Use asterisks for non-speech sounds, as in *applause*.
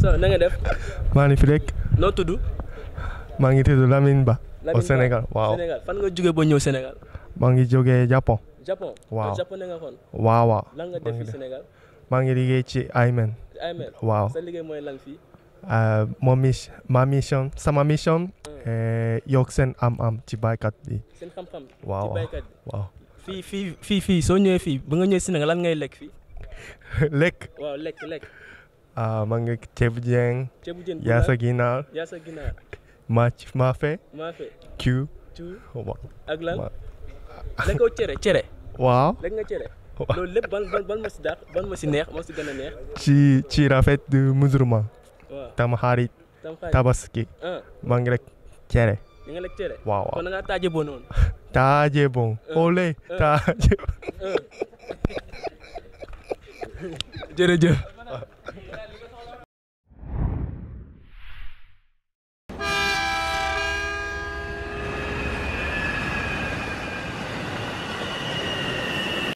so na maa ngi fi rek. noo tudd. maa ngi tudd Lamine Ba. au Sénégal waaw Sénégal fan nga jógee ba ñëw Sénégal. maa ngi jógee Japon. Japon waaw waaw lan nga def fi Sénégal. maa ngi liggéey ci Aymen. Aymen waaw sa euh, mission sama mission. Hmm. Eh, yokk sen am-am ci baykat bi. seen xam-xam ci baykat fii fii fii soo ñëwee fii ba nga ñëwee Sénégal lan ngay lekk fii. *laughs* lekk. Uh, maa ngi ceebu jën. ceebu jën yaa sa ginaar. yaa maa maafe. cu. cu ak lan. cere cere. waaw la loolu lépp ban ma si dàq ban ma si neex a neex. ci ci rafet musulman. waaw tamxarit. tamxarit tabaski. Ah. maa ngi rek cere. ñu ngi lekk waaw kon nga taaje bon *laughs* taaje bon. Ah. Ah. taaje. *laughs* jërëjëf.